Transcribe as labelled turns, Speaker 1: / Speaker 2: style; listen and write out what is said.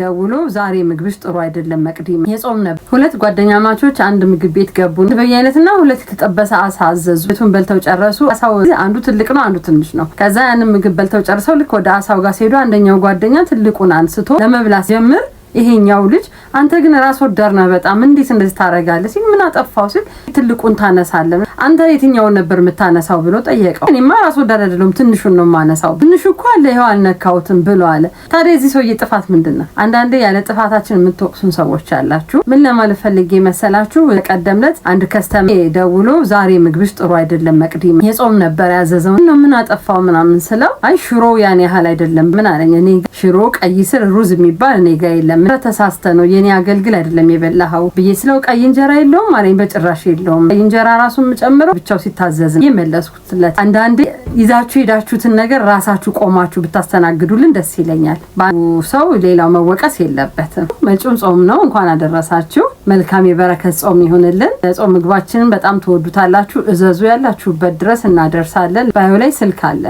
Speaker 1: ደውሎ ዛሬ ምግብሽ ጥሩ አይደለም መቅድም የጾም ነበር። ሁለት ጓደኛ ማቾች አንድ ምግብ ቤት ገቡ። በየአይነትና ሁለት የተጠበሰ አሳ አዘዙ። ቤቱን በልተው ጨረሱ። አሳው አንዱ ትልቅ ነው፣ አንዱ ትንሽ ነው። ከዛ ያንን ምግብ በልተው ጨርሰው ልክ ወደ አሳው ጋር ሲሄዱ አንደኛው ጓደኛ ትልቁን አንስቶ ለመብላት ጀምር ይሄኛው ልጅ አንተ ግን ራስ ወዳድ ነህ በጣም እንዴት እንደዚህ ታደርጋለህ ሲል ምን አጠፋው ሲል ትልቁን ታነሳለህ አንተ የትኛውን ነበር የምታነሳው ብሎ ጠየቀው። እኔማ ራስ ወዳድ አይደለሁም ትንሹን ነው የማነሳው ትንሹ እኮ አለ ይኸው አልነካሁትም ብሎ አለ። ታዲያ የዚህ ሰውዬ ጥፋት ምንድን ነው? አንዳንዴ ያለ ጥፋታችን የምትወቅሱን ሰዎች አላችሁ። ምን ለማለት ፈልጌ መሰላችሁ? በቀደም ዕለት አንድ ከስተመ ደውሎ ዛሬ ምግብሽ ጥሩ አይደለም መቅዲም፣ የጾም ነበር ያዘዘው ነው ምን አጠፋው ምናምን ስለው አይ ሽሮ ያን ያህል አይደለም ምን አለኝ። እኔ ሽሮ ቀይ ስር ሩዝ የሚባል እኔ ጋ የለም ተሳስተ ነው የኔ አገልግል አይደለም የበላኸው ብዬ ስለው ቀይ እንጀራ የለውም አለኝ። በጭራሽ የለውም ቀይ እንጀራ ራሱን ጨምረው ብቻው ሲታዘዝ የመለስኩትለት። አንዳንዴ ይዛችሁ ሄዳችሁትን ነገር ራሳችሁ ቆማችሁ ብታስተናግዱልን ደስ ይለኛል። ሰው ሌላው መወቀስ የለበትም። መጪውም ጾም ነው፣ እንኳን አደረሳችሁ። መልካም የበረከት ጾም ይሁንልን። ጾም ምግባችንን በጣም ትወዱታላችሁ። እዘዙ ያላችሁበት ድረስ እናደርሳለን። ባዩ ላይ ስልክ አለ።